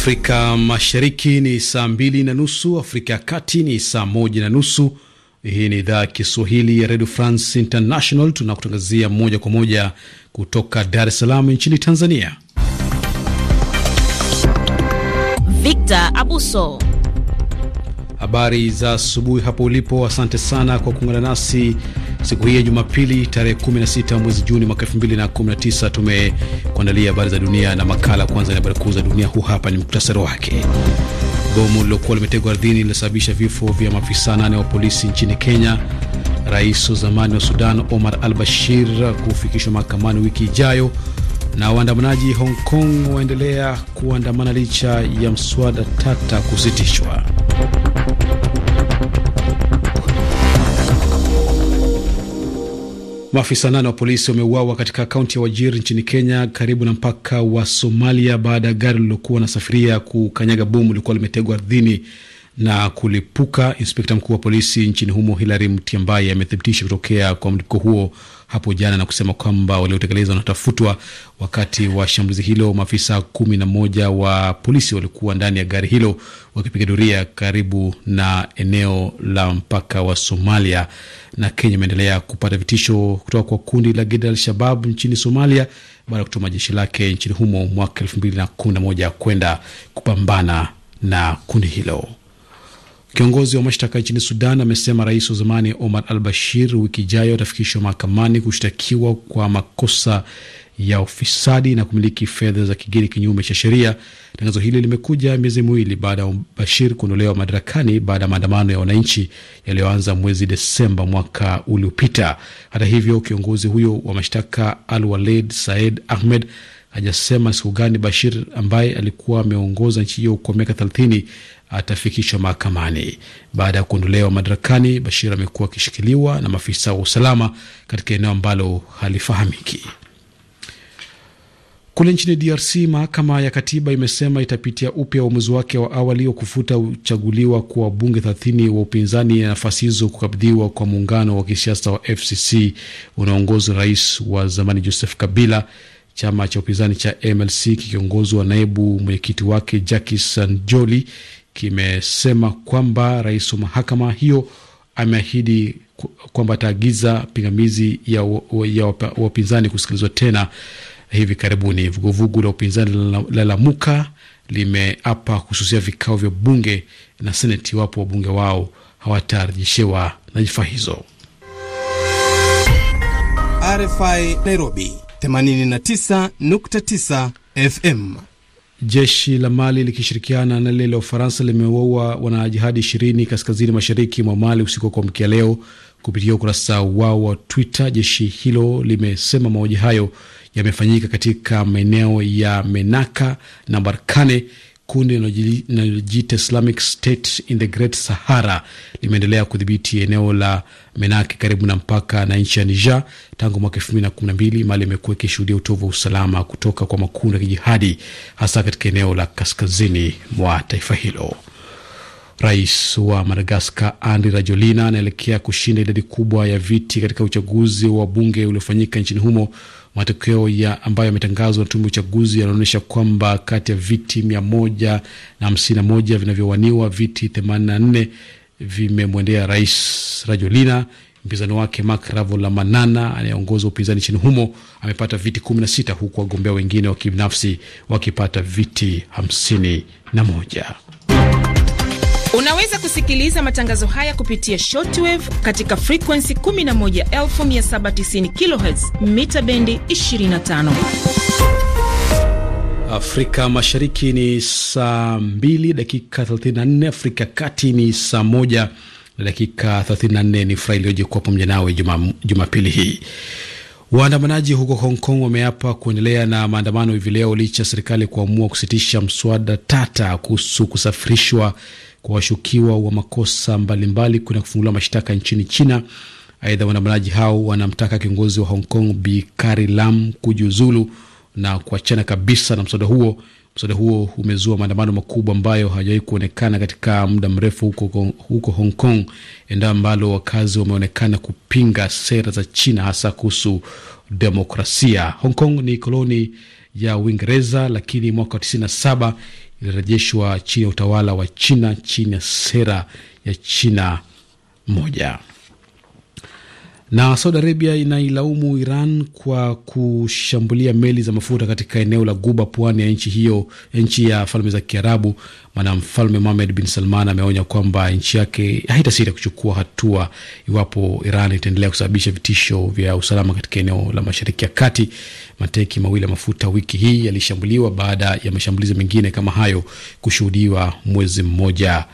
Afrika Mashariki ni saa mbili na nusu, Afrika ya Kati ni saa moja na nusu. Hii ni idhaa ya Kiswahili ya Redio France International, tunakutangazia moja kwa moja kutoka Dar es Salaam nchini Tanzania. Victor Abuso, habari za asubuhi hapo ulipo. Asante sana kwa kuungana nasi Siku hii ya Jumapili tarehe 16 mwezi Juni mwaka 2019 tumekuandalia habari za dunia na makala. Kwanza ni habari kuu za dunia, huu hapa ni muktasari wake. Bomu lililokuwa limetegwa ardhini lilisababisha vifo vya maafisa nane wa polisi nchini Kenya. Rais wa zamani wa Sudan Omar al Bashir kufikishwa mahakamani wiki ijayo. Na waandamanaji Hong Kong waendelea kuandamana licha ya mswada tata kusitishwa. Maafisa nane wa polisi wameuawa katika kaunti ya Wajir nchini Kenya, karibu na mpaka wa Somalia, baada ya gari lililokuwa nasafiria kukanyaga bomu lilikuwa limetegwa ardhini na kulipuka. Inspekta mkuu wa polisi nchini humo Hilary Mtiambaye amethibitisha kutokea kwa mlipuko huo hapo jana na kusema kwamba waliotekeleza wanatafutwa. Wakati wa shambulizi hilo, maafisa kumi na moja wa polisi walikuwa ndani ya gari hilo wakipiga doria karibu na eneo la mpaka wa Somalia na Kenya. Imeendelea kupata vitisho kutoka kwa kundi la gedi Al-Shabab nchini Somalia baada ya kutuma jeshi lake nchini humo mwaka elfu mbili na kumi na moja kwenda kupambana na kundi hilo. Kiongozi wa mashtaka nchini Sudan amesema rais wa zamani Omar al Bashir wiki ijayo atafikishwa mahakamani kushtakiwa kwa makosa ya ufisadi na kumiliki fedha za kigeni kinyume cha sheria. Tangazo hili limekuja miezi miwili baada ya Bashir kuondolewa madarakani baada ya maandamano ya wananchi yaliyoanza mwezi Desemba mwaka uliopita. Hata hivyo, kiongozi huyo wa mashtaka Al Walid Said Ahmed hajasema siku gani Bashir ambaye alikuwa ameongoza nchi hiyo kwa miaka thelathini atafikishwa mahakamani. Baada ya kuondolewa madarakani, Bashir amekuwa akishikiliwa na maafisa wa usalama katika eneo ambalo halifahamiki. Kule nchini DRC, mahakama ya katiba imesema itapitia upya uamuzi wake wa awali wa kufuta uchaguliwa kwa bunge 30 wa upinzani na nafasi hizo kukabidhiwa kwa muungano wa kisiasa wa FCC unaongozwa rais wa zamani Joseph Kabila. Chama cha upinzani cha MLC kikiongozwa naibu mwenyekiti wake Jacques Sanjoli kimesema kwamba rais wa mahakama hiyo ameahidi kwamba ataagiza pingamizi ya, ya wapinzani kusikilizwa tena hivi karibuni. Vuguvugu la upinzani la Lamuka limeapa kususia vikao vya bunge na seneti iwapo wabunge wao hawatarejeshewa nyadhifa hizo. RFI Nairobi 89.9 FM. Jeshi la Mali likishirikiana na lile la Ufaransa limewaua wanajihadi ishirini kaskazini mashariki mwa Mali usiku wa kuamkia leo. Kupitia ukurasa wao wa Twitter, jeshi hilo limesema mauaji hayo yamefanyika katika maeneo ya Menaka na Barkane kundi linalojiita Islamic State in the Great Sahara limeendelea kudhibiti eneo la Menake karibu na mpaka na nchi ya Niger tangu mwaka elfu mbili na kumi na mbili. Mali imekuwa ikishuhudia utovu wa usalama kutoka kwa makundi ya kijihadi hasa katika eneo la kaskazini mwa taifa hilo. Rais wa Madagaskar Andry Rajoelina anaelekea kushinda idadi kubwa ya viti katika uchaguzi wa bunge uliofanyika nchini humo Matokeo ya ambayo yametangazwa na tume ya uchaguzi yanaonyesha kwamba kati ya viti mia moja na hamsini na moja vinavyowaniwa viti themanini na nne vimemwendea Rais Rajolina. Mpinzani wake Marc Ravalomanana anayeongoza upinzani nchini humo amepata viti kumi na sita huku wagombea wengine wa kibinafsi wakipata viti hamsini na moja. Unaweza kusikiliza matangazo haya kupitia shortwave katika frequency 11790 kHz mita bendi 25. Afrika Mashariki ni saa 2 dakika 34, Afrika Kati ni saa m na dakika 34. Ni furaha iliyoje kuwa pamoja nawe Jumapili hii. Waandamanaji huko Hong Kong wameapa kuendelea na maandamano hivi leo licha ya serikali kuamua kusitisha mswada tata kuhusu kusafirishwa kwa washukiwa wa makosa mbalimbali kuna kufunguliwa mashtaka nchini China. Aidha, waandamanaji hao wanamtaka kiongozi wa Hong Kong Bi Carrie Lam kujiuzulu na kuachana kabisa na mswada huo. Mswada huo umezua maandamano makubwa ambayo hajawahi kuonekana katika muda mrefu huko, huko Hong Kong, eneo ambalo wakazi wameonekana kupinga sera za China hasa kuhusu demokrasia. Hong Kong ni koloni ya Uingereza, lakini mwaka wa 97 ilirejeshwa chini ya utawala wa China chini ya sera ya China moja. Na Saudi Arabia inailaumu Iran kwa kushambulia meli za mafuta katika eneo la Guba, pwani ya nchi hiyo, nchi ya Falme za Kiarabu. Mwanamfalme Mohamed bin Salman ameonya kwamba nchi yake haitasita kuchukua hatua iwapo Iran itaendelea kusababisha vitisho vya usalama katika eneo la Mashariki ya Kati. Mateki mawili ya mafuta wiki hii yalishambuliwa baada ya mashambulizi mengine kama hayo kushuhudiwa mwezi mmoja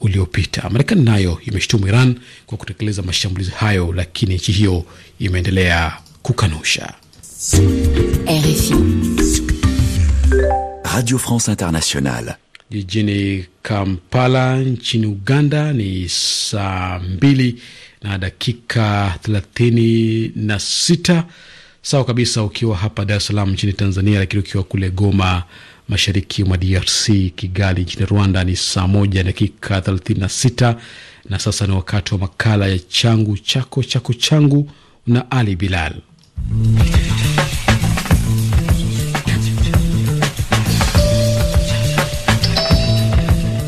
uliopita. Marekani nayo imeshtumu Iran kwa kutekeleza mashambulizi hayo, lakini nchi hiyo imeendelea kukanusha. RFI Radio France Internationale jijini Kampala nchini Uganda ni saa mbili na dakika thelathini na sita sawa kabisa ukiwa hapa Dar es Salaam nchini Tanzania, lakini ukiwa kule Goma mashariki mwa DRC. Kigali nchini Rwanda ni saa moja dakika 36, na sasa ni wakati wa makala ya changu chako chako changu na Ali Bilal.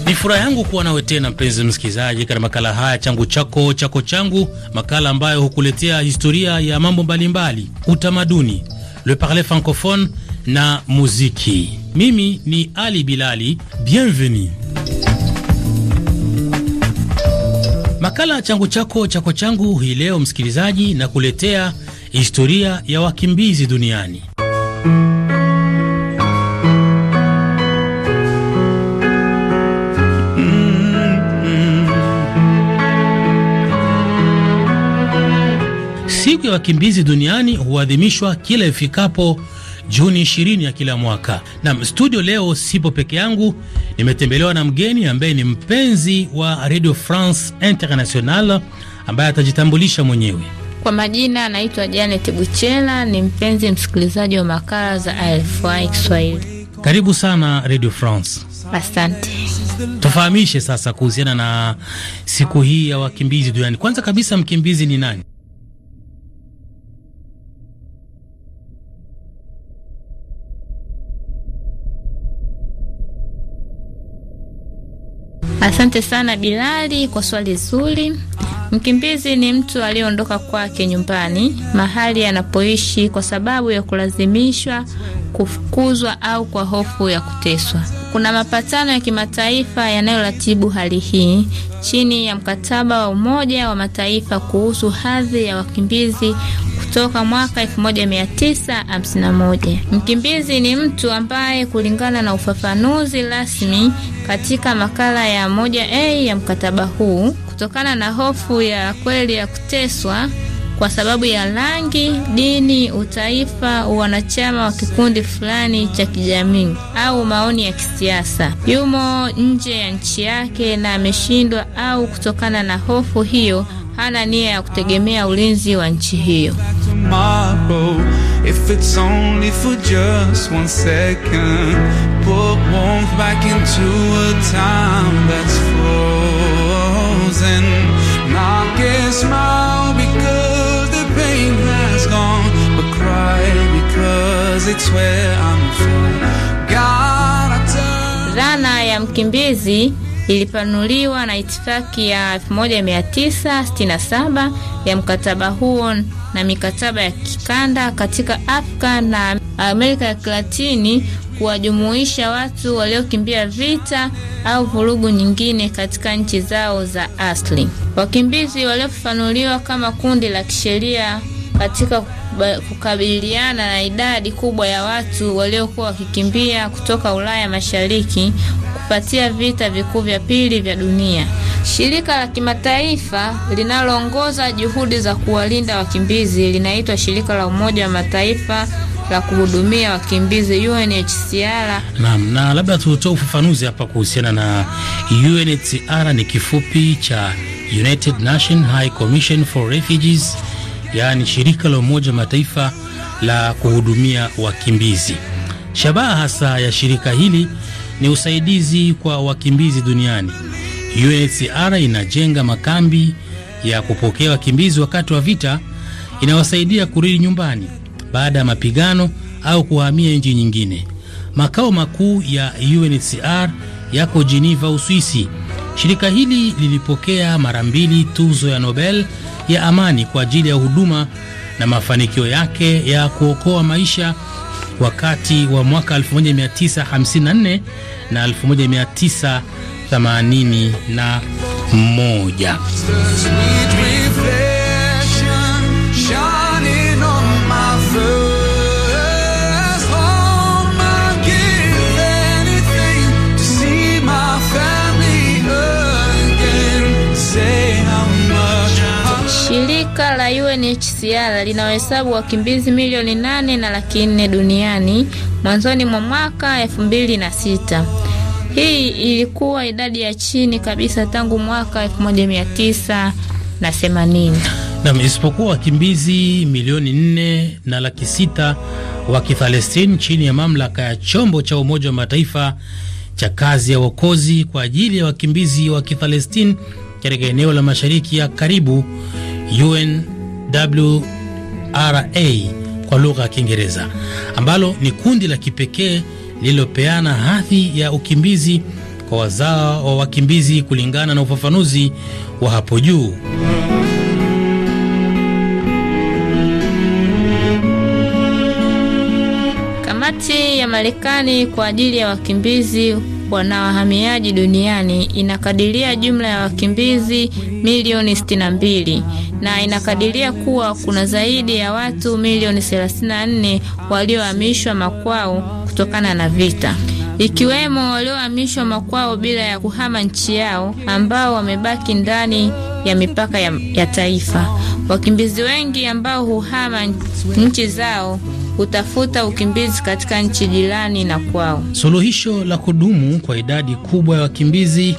Ni furaha yangu kuwa nawe tena mpenzi msikilizaji, katika makala haya changu chako chako changu, makala ambayo hukuletea historia ya mambo mbalimbali, utamaduni, le parler francophone na muziki. Mimi ni Ali Bilali, bienvenue. Makala changu chako chako changu hii leo, msikilizaji, na kuletea historia ya wakimbizi duniani. Siku ya wakimbizi duniani huadhimishwa kila ifikapo Juni 20 ya kila mwaka. Nam studio leo sipo peke yangu, nimetembelewa na mgeni ambaye ni mpenzi wa Radio France International ambaye atajitambulisha mwenyewe. Kwa majina anaitwa Janet Buchela, ni mpenzi msikilizaji wa makala za RFI Kiswahili. Karibu sana Radio France. Asante. Tufahamishe sasa kuhusiana na siku hii ya wakimbizi duniani. Kwanza kabisa, mkimbizi ni nani? Asante sana Bilali kwa swali zuri. Mkimbizi ni mtu aliyeondoka kwake nyumbani, mahali anapoishi kwa sababu ya kulazimishwa, kufukuzwa au kwa hofu ya kuteswa. Kuna mapatano ya kimataifa yanayoratibu hali hii chini ya mkataba wa Umoja wa Mataifa kuhusu hadhi ya wakimbizi kutoka mwaka 1951. Mkimbizi ni mtu ambaye kulingana na ufafanuzi rasmi katika makala ya moja a ya mkataba huu kutokana na hofu ya kweli ya kuteswa kwa sababu ya rangi, dini, utaifa, wanachama wa kikundi fulani cha kijamii au maoni ya kisiasa. Yumo nje ya nchi yake na ameshindwa au kutokana na hofu hiyo hana nia ya kutegemea ulinzi wa nchi hiyo. tomorrow if it's only for just one second. Put warmth back into a time that's frozen. Knock and smile because the pain has gone, but cry because it's where I'm from. God, I turn. Rana ya mkimbizi lilipanuliwa na itifaki ya 1967 ya mkataba huo na mikataba ya kikanda katika Afrika na Amerika ya Kilatini kuwajumuisha watu waliokimbia vita au vurugu nyingine katika nchi zao za asili. Wakimbizi waliofafanuliwa kama kundi la kisheria katika kukabiliana na idadi kubwa ya watu waliokuwa wakikimbia kutoka Ulaya Mashariki kupatia vita vikuu vya pili vya dunia. Shirika la kimataifa linaloongoza juhudi za kuwalinda wakimbizi linaitwa Shirika la Umoja wa Mataifa la kuhudumia wakimbizi UNHCR. Naam, na labda tutoe ufafanuzi hapa kuhusiana na UNHCR. Ni kifupi cha United Nations High Commission for Refugees yaani shirika la Umoja Mataifa la kuhudumia wakimbizi. Shabaha hasa ya shirika hili ni usaidizi kwa wakimbizi duniani. UNHCR inajenga makambi ya kupokea wakimbizi wakati wa vita, inawasaidia kurudi nyumbani baada ya mapigano au kuhamia nchi nyingine. Makao makuu ya UNHCR yako Geneva, Uswisi Shirika hili lilipokea mara mbili tuzo ya Nobel ya amani kwa ajili ya huduma na mafanikio yake ya kuokoa maisha wakati wa mwaka 1954 na 1981. UNHCR linawahesabu wakimbizi milioni nane na laki nne duniani mwanzoni mwa mwaka elfu mbili na sita. Hii ilikuwa idadi ya chini kabisa tangu mwaka elfu moja mia tisa na themanini. Nam, isipokuwa wakimbizi milioni nne na laki sita wa Kifalestini chini ya mamlaka ya chombo cha Umoja wa Mataifa cha kazi ya uokozi kwa ajili ya wakimbizi wa Kifalestini katika eneo la Mashariki ya Karibu UN WRA kwa lugha ya Kiingereza, ambalo ni kundi la kipekee lililopeana hadhi ya ukimbizi kwa wazao wa wakimbizi kulingana na ufafanuzi wa hapo juu. Kamati ya Marekani kwa ajili ya wakimbizi na wahamiaji duniani inakadiria jumla ya wakimbizi milioni 62 na inakadiria kuwa kuna zaidi ya watu milioni 34 waliohamishwa makwao kutokana na vita ikiwemo waliohamishwa makwao bila ya kuhama nchi yao ambao wamebaki ndani ya mipaka ya, ya taifa. Wakimbizi wengi ambao huhama nchi zao hutafuta ukimbizi katika nchi jirani na kwao. Suluhisho la kudumu kwa idadi kubwa ya wakimbizi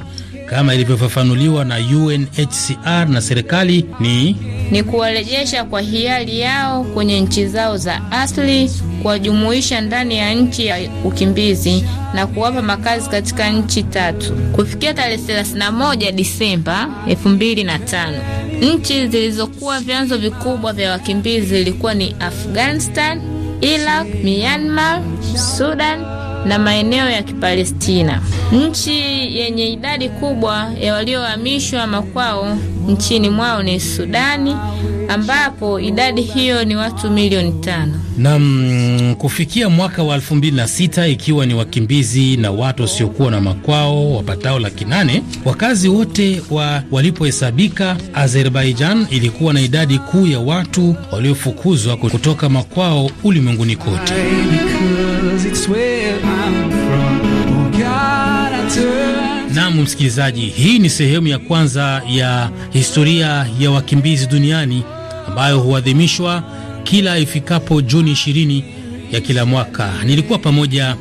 kama ilivyofafanuliwa na UNHCR na serikali ni ni kuwarejesha kwa hiari yao kwenye nchi zao za asili, kuwajumuisha ndani ya nchi ya ukimbizi na kuwapa makazi katika nchi tatu kufikia tarehe 31 Disemba 2005. Nchi zilizokuwa vyanzo vikubwa vya wakimbizi zilikuwa ni Afghanistan, Iraq, Myanmar, Sudan na maeneo ya Kipalestina, nchi yenye idadi kubwa ya waliohamishwa makwao nchini mwao ni Sudani ambapo idadi hiyo ni watu milioni tano. Nam, kufikia mwaka wa sita ikiwa ni wakimbizi na watu wasiokuwa na makwao wapatao laki nane, wakazi wote wa walipohesabika, Azerbaijan ilikuwa na idadi kuu ya watu waliofukuzwa kutoka makwao ulimwenguni kote. Oh, Naam, msikilizaji, hii ni sehemu ya kwanza ya historia ya wakimbizi duniani ambayo huadhimishwa kila ifikapo Juni 20 ya kila mwaka. Nilikuwa pamoja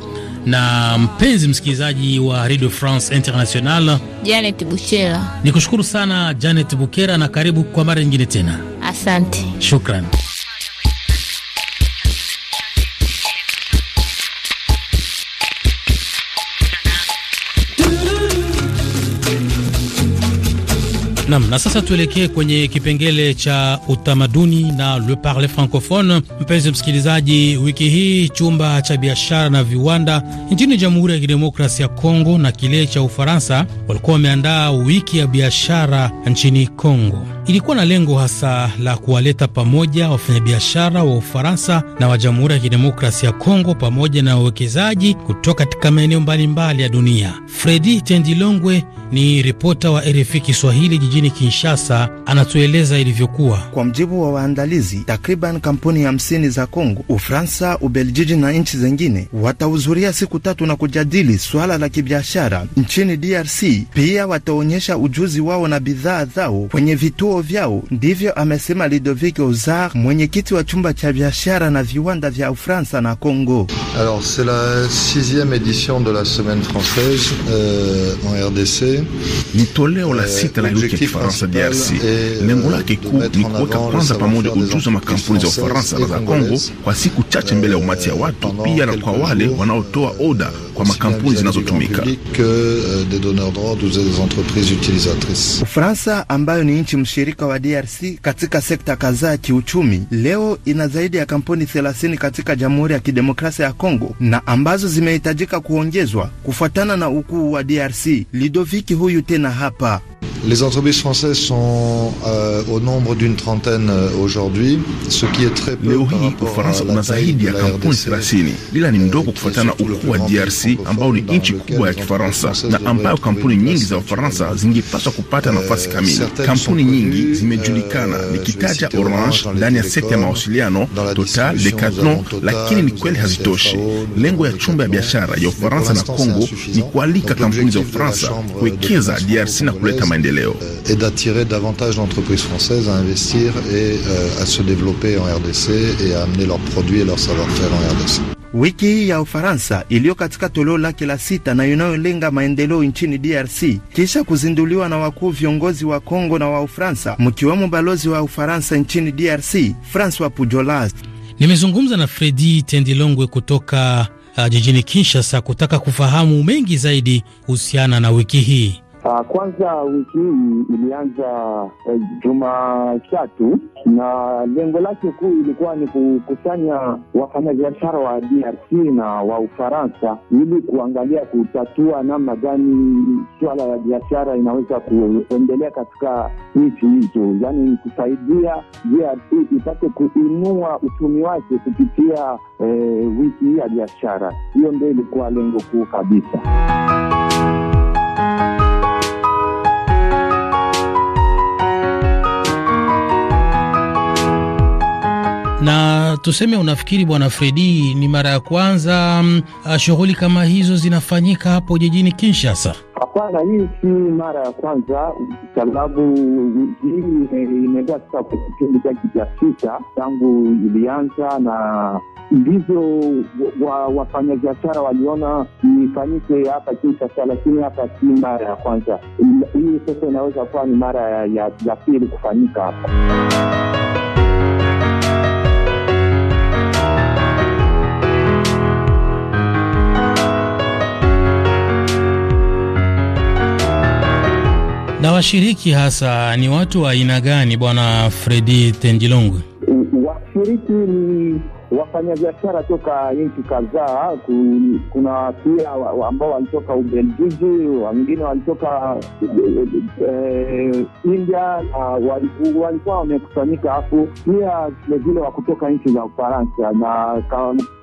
na mpenzi msikilizaji wa Radio France International Janet Bukera. Nikushukuru sana Janet Bukera na karibu kwa mara nyingine tena. Asante. Shukrani. Nam, na sasa tuelekee kwenye kipengele cha utamaduni na le parle francophone. Mpenzi msikilizaji, wiki hii chumba cha biashara na viwanda nchini Jamhuri ya Kidemokrasia ya Kongo na kile cha Ufaransa walikuwa wameandaa wiki ya biashara nchini Kongo ilikuwa na lengo hasa la kuwaleta pamoja wafanyabiashara wa Ufaransa na wa Jamhuri ya Kidemokrasia ya Kongo pamoja na wawekezaji kutoka katika maeneo mbalimbali ya dunia. Fredi Tendilongwe ni ripota wa RFI Kiswahili jijini Kinshasa, anatueleza ilivyokuwa. Kwa mjibu wa waandalizi, takriban kampuni hamsini za Kongo, Ufaransa, Ubeljiji na nchi zengine watahudhuria siku tatu na kujadili swala la kibiashara nchini DRC. Pia wataonyesha ujuzi wao na bidhaa zao kwenye vituo viwango vyao. Ndivyo amesema Ludovic Ozar, mwenyekiti wa chumba cha biashara na viwanda vya Ufransa na Kongo. Alors c'est la sixième édition de la semaine française euh, en RDC. Ni toleo la euh, sita la wiki ya Kifaransa DRC. Lengo euh, lake kuu ni kuweka kwanza pamoja ujuzi wa makampuni za Ufaransa na za congo kwa siku chache mbele ya umati ya euh, watu, pia na kwa wale wanaotoa oda kwa makampuni zinazotumika. Uh, uh, Ufaransa ambayo ni nchi mshirika wa DRC katika sekta kadhaa kiuchumi, leo ina zaidi ya kampuni 30 katika Jamhuri ya Kidemokrasia ya Kongo na ambazo zimehitajika kuongezwa kufuatana na ukuu wa DRC. Lidoviki huyu tena hapa Les entreprises françaises sont euh, au nombre d'une trentaine euh, aujourd'hui, ce qui est très peu. Leo hii Ufaransa kuna zaidi ya kampuni 30 ila ni mdogo euh, kufuatana na ukuu wa DRC ambao ni nchi kubwa ya Kifaransa na ambayo kampuni nyingi za Ufaransa zingepaswa kupata nafasi euh, kamili. Kampuni nyingi zimejulikana, nikitaja Orange ndani ya sekta ya mawasiliano, Total, Decathlon, lakini ni kweli hazitoshi. Lengo ya chumba ya biashara ya Ufaransa na Kongo ni kualika kampuni za Ufaransa kuwekeza DRC na kuleta maendeleo maendeleo euh, et d'attirer davantage d'entreprises françaises à investir et euh, à se développer en RDC et à amener leurs produits et leur savoir-faire en RDC. Wiki hii ya Ufaransa iliyo katika toleo lake la sita na inayolenga maendeleo nchini DRC kisha kuzinduliwa na wakuu viongozi wa Kongo na wa Ufaransa, mkiwemo balozi wa Ufaransa nchini DRC Francois Pujolas. Nimezungumza na Fredi Tendilongwe kutoka uh, jijini Kinshasa kutaka kufahamu mengi zaidi kuhusiana na wiki hii. Uh, kwanza wiki hii ilianza uh, eh, Jumatatu na lengo lake kuu ilikuwa ni kukusanya wafanyabiashara wa DRC na wa Ufaransa ili kuangalia kutatua namna gani suala ya biashara inaweza kuendelea katika nchi hizo, yaani kusaidia DRC ipate kuinua uchumi wake kupitia eh, wiki hii ya biashara. Hiyo ndio ilikuwa lengo kuu kabisa. Na tuseme, unafikiri Bwana Fredi, ni mara ya kwanza mm, ah, shughuli kama hizo zinafanyika hapo jijini Kinshasa? Hapana, hii si mara ya kwanza, sababu hii imekuwa sasa kwa kipindi chake cha sita tangu ilianza, na ndivyo wafanyabiashara waliona ifanyike hapa Kinshasa, lakini hapa si mara ya kwanza. Hii sasa inaweza kuwa ni mara ya pili kufanyika hapa. Na washiriki hasa ni watu wa aina gani, Bwana Fredi Tendilongwe? Washiriki ni wafanyabiashara toka nchi kadhaa. Kuna pia ambao walitoka Ubelgiji, wengine walitoka eh, India na walikuwa wamekusanyika, hapo pia vilevile wa kutoka nchi za Ufaransa na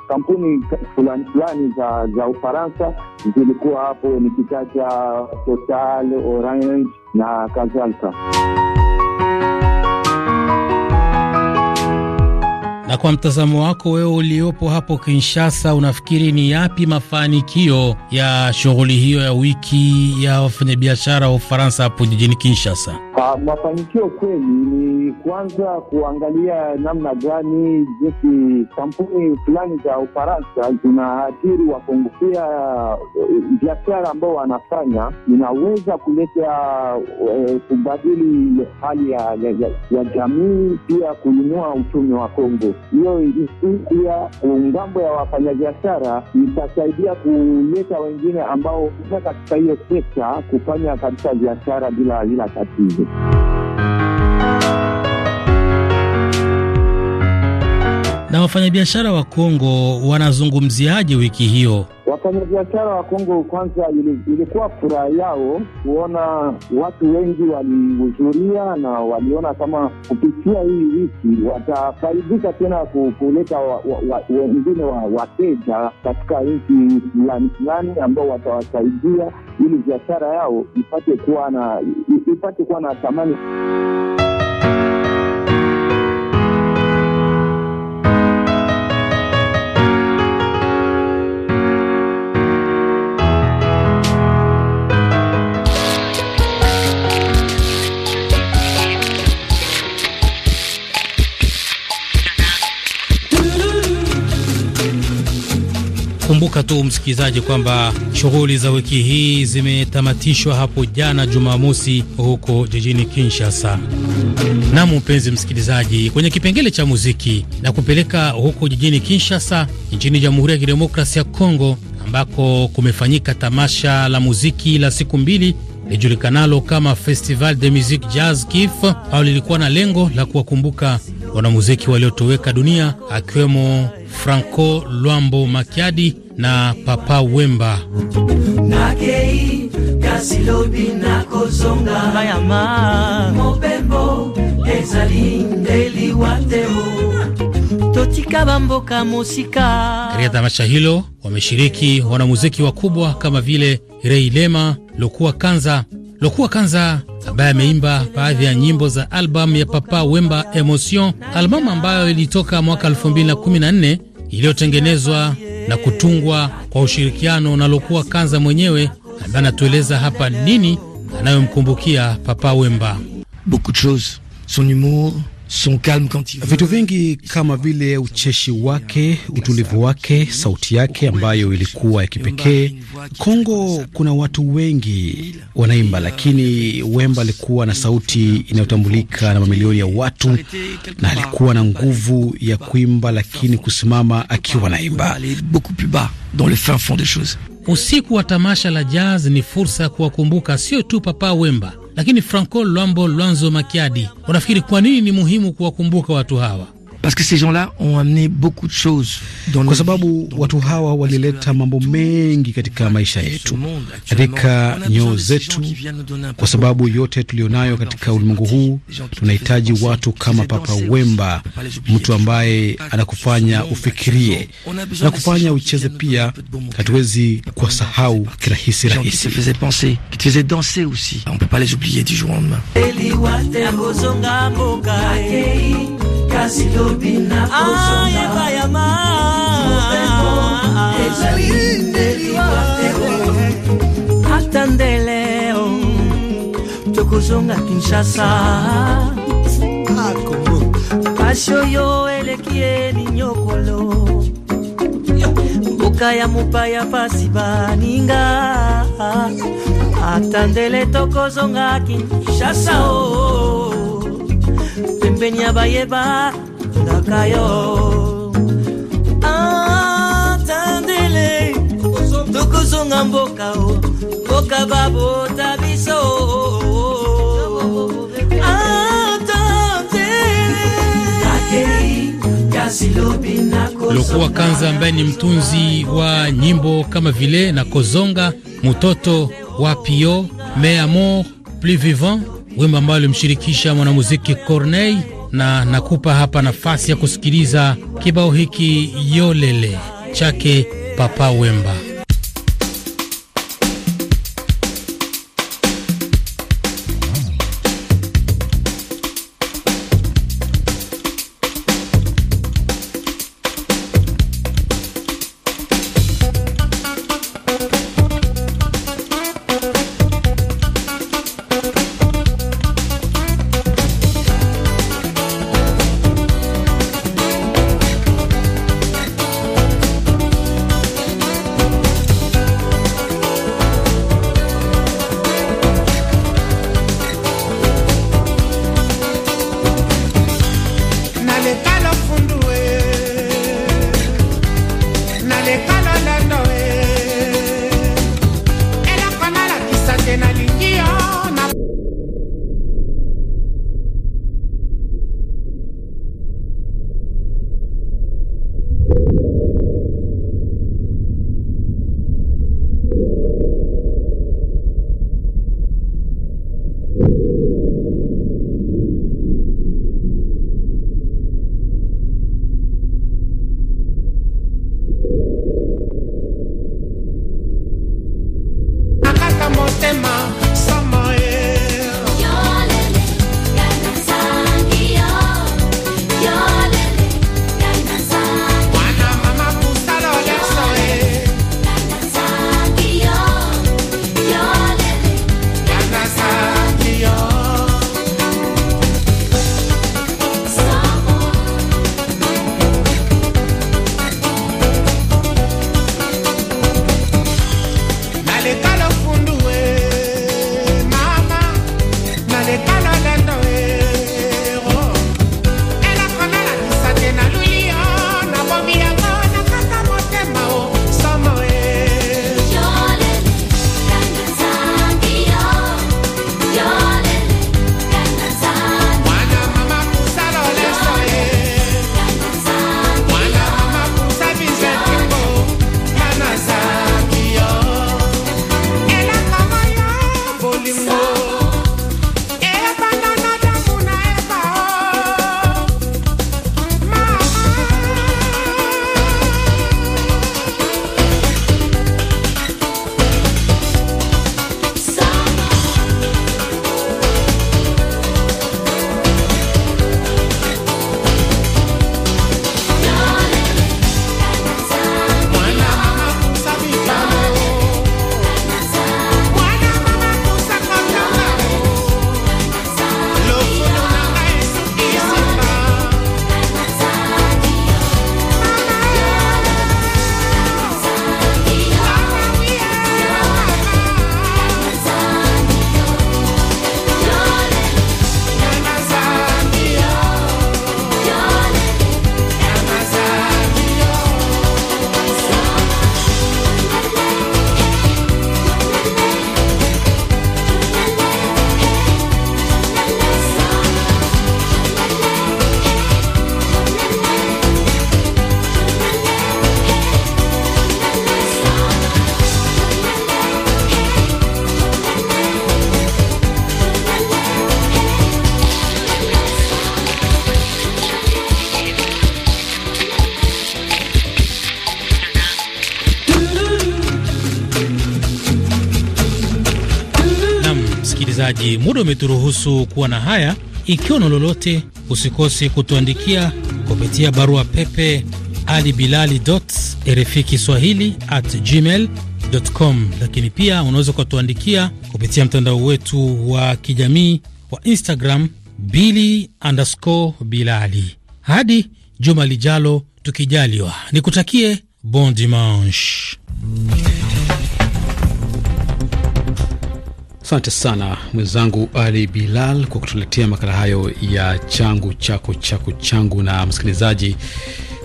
kampuni fulani fulani za za Ufaransa zilikuwa hapo, ni kitacha Total, Orange na kadhalika. Na kwa mtazamo wako wewe uliopo hapo Kinshasa, unafikiri ni yapi mafanikio ya shughuli hiyo ya wiki ya wafanyabiashara wa Ufaransa hapo jijini Kinshasa? Ah, mafanikio kweli ni kwanza kuangalia namna gani jinsi kampuni fulani za Ufaransa zinaathiri pia eh, biashara ambao wanafanya inaweza kuleta eh, kubadili hali ya, ya, ya, ya jamii pia kuinua uchumi wa Kongo. Hiyo pia ngambo ya wafanyabiashara itasaidia kuleta wengine ambao katika hiyo sekta kufanya kabisa biashara bila bila tatizo. Na wafanyabiashara wa Kongo wanazungumziaje wiki hiyo? Wafanyabiashara wa Kongo kwanza, ilikuwa furaha yao kuona watu wengi walihudhuria na waliona kama kupitia hii wiki watafaidika tena kuleta wengine wa, wa, wa, wateja katika nchi fulani fulani ambao watawasaidia ili biashara yao ipate kuwa na, ipate kuwa na thamani. Kumbuka tu msikilizaji, kwamba shughuli za wiki hii zimetamatishwa hapo jana Jumamosi huko jijini Kinshasa. Na mpenzi msikilizaji, kwenye kipengele cha muziki na kupeleka huko jijini Kinshasa nchini Jamhuri ya Kidemokrasia ya Kongo ambako kumefanyika tamasha la muziki la siku mbili lijulikanalo kama Festival de Musique Jazz KIF au lilikuwa na lengo la kuwakumbuka wanamuziki waliotoweka dunia akiwemo Franco Luambo Makiadi na Papa Wemba musika bamboka musika. Katika tamasha hilo wameshiriki wanamuziki wakubwa kama vile Rei Lema, lokua Kanza, lokua Kanza ambaye ameimba baadhi ya nyimbo za albamu ya Papa Wemba Emotion, albamu ambayo ilitoka mwaka 2014 iliyotengenezwa na kutungwa kwa ushirikiano na lokua Kanza mwenyewe ambaye anatueleza hapa nini anayomkumbukia Papa Wemba. Beaucoup de choses son humour Vitu vingi kama vile ucheshi wake, utulivu wake, sauti yake ambayo ilikuwa ya kipekee. Kongo kuna watu wengi wanaimba, lakini Wemba alikuwa na sauti inayotambulika na mamilioni ya watu, na alikuwa na nguvu ya kuimba, lakini kusimama akiwa naimba. Usiku wa tamasha la jazz ni fursa ya kuwakumbuka sio tu Papa Wemba lakini Franco Lwambo Lwanzo Makiadi, unafikiri kwa nini ni muhimu kuwakumbuka watu hawa? parce que ces gens-là ont amené beaucoup de choses dans kwa sababu watu hawa walileta mambo mengi katika maisha yetu, katika nyoo zetu, kwa sababu yote tuliyonayo katika ulimwengu huu, tunahitaji watu kama Papa Wemba, mtu ambaye anakufanya ufikirie, anakufanya ucheze pia. Hatuwezi kuwasahau kirahisi rahisi. kasi lobi na kozonga mobembo ezali ndeliwa teo ata ndeleo tokozonga kinshasa pasi yo eleki elinyokolo mboka ya mopaya pasi baninga ata ndele tokozonga kinshasa o oh, oh, oh. pembeni ya bayeba ndaka atandele tokozonga mboka o mboka babota biso Lokuwa Kanza ambaye ni mtunzi wa nyimbo kama vile na Kozonga, Mutoto, pio me Amour, Plus Vivant wimbo ambao ulimshirikisha mwanamuziki Corneille, na nakupa hapa nafasi ya kusikiliza kibao hiki Yolele chake Papa Wemba. la fundura. msikilizaji, muda umeturuhusu kuwa na haya. Ikiwa na lolote, usikose kutuandikia kupitia barua pepe ali bilali rfi kiswahili at gmail com, lakini pia unaweza ukatuandikia kupitia mtandao wetu wa kijamii wa Instagram bili underscore bilali. Hadi juma lijalo, tukijaliwa, nikutakie bon dimanche. Asante sana mwenzangu Ali Bilal kwa kutuletea makala hayo ya changu chako chako changu. Na msikilizaji,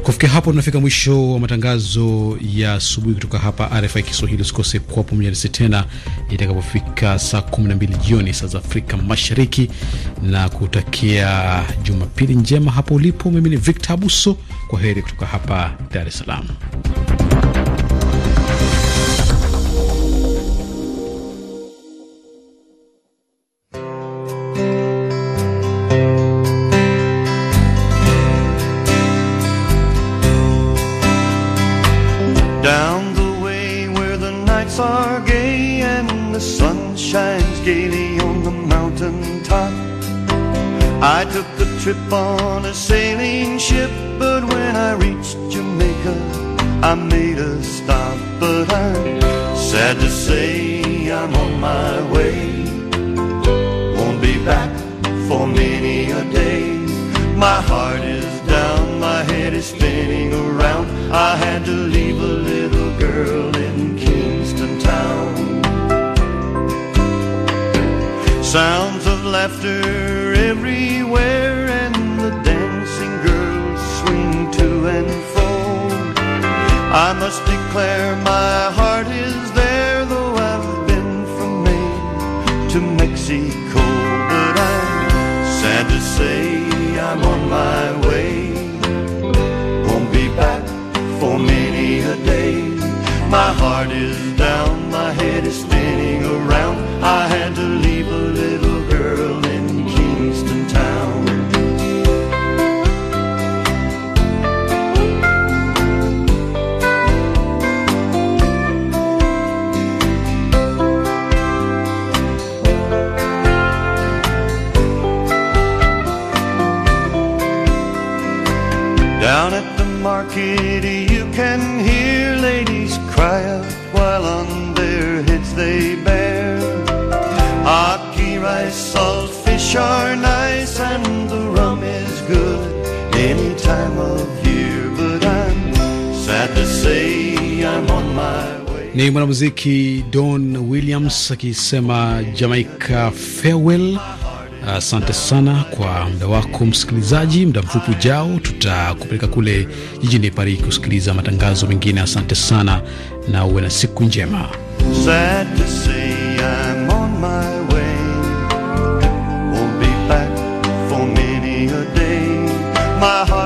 kufikia hapo tunafika mwisho wa matangazo ya asubuhi kutoka hapa RFI Kiswahili. Usikose kuwa pamoja nasi tena itakapofika saa 12 jioni saa za Afrika Mashariki, na kutakia Jumapili njema hapo ulipo. Mimi ni Victor Abuso, kwa heri kutoka hapa Dar es Salaam. for many a day. My heart is down, my head is spinning around. I had to leave a little girl in Kingston town. Sounds of laughter everywhere, and the dancing girls swing to and fro. I must declare my heart is say I'm on my way. Won't be back for many a day. My heart is kitty, you can hear ladies cry out while on their heads they bear. rice, salt fish are nice, and the rum is good any time of year. But I'm sad to say I'm on my Ni mwanamuziki Don Williams akisema Jamaica farewell Asante sana kwa muda wako msikilizaji. Muda mfupi ujao, tutakupeleka kule jijini Paris kusikiliza matangazo mengine. Asante sana na uwe na siku njema. My heart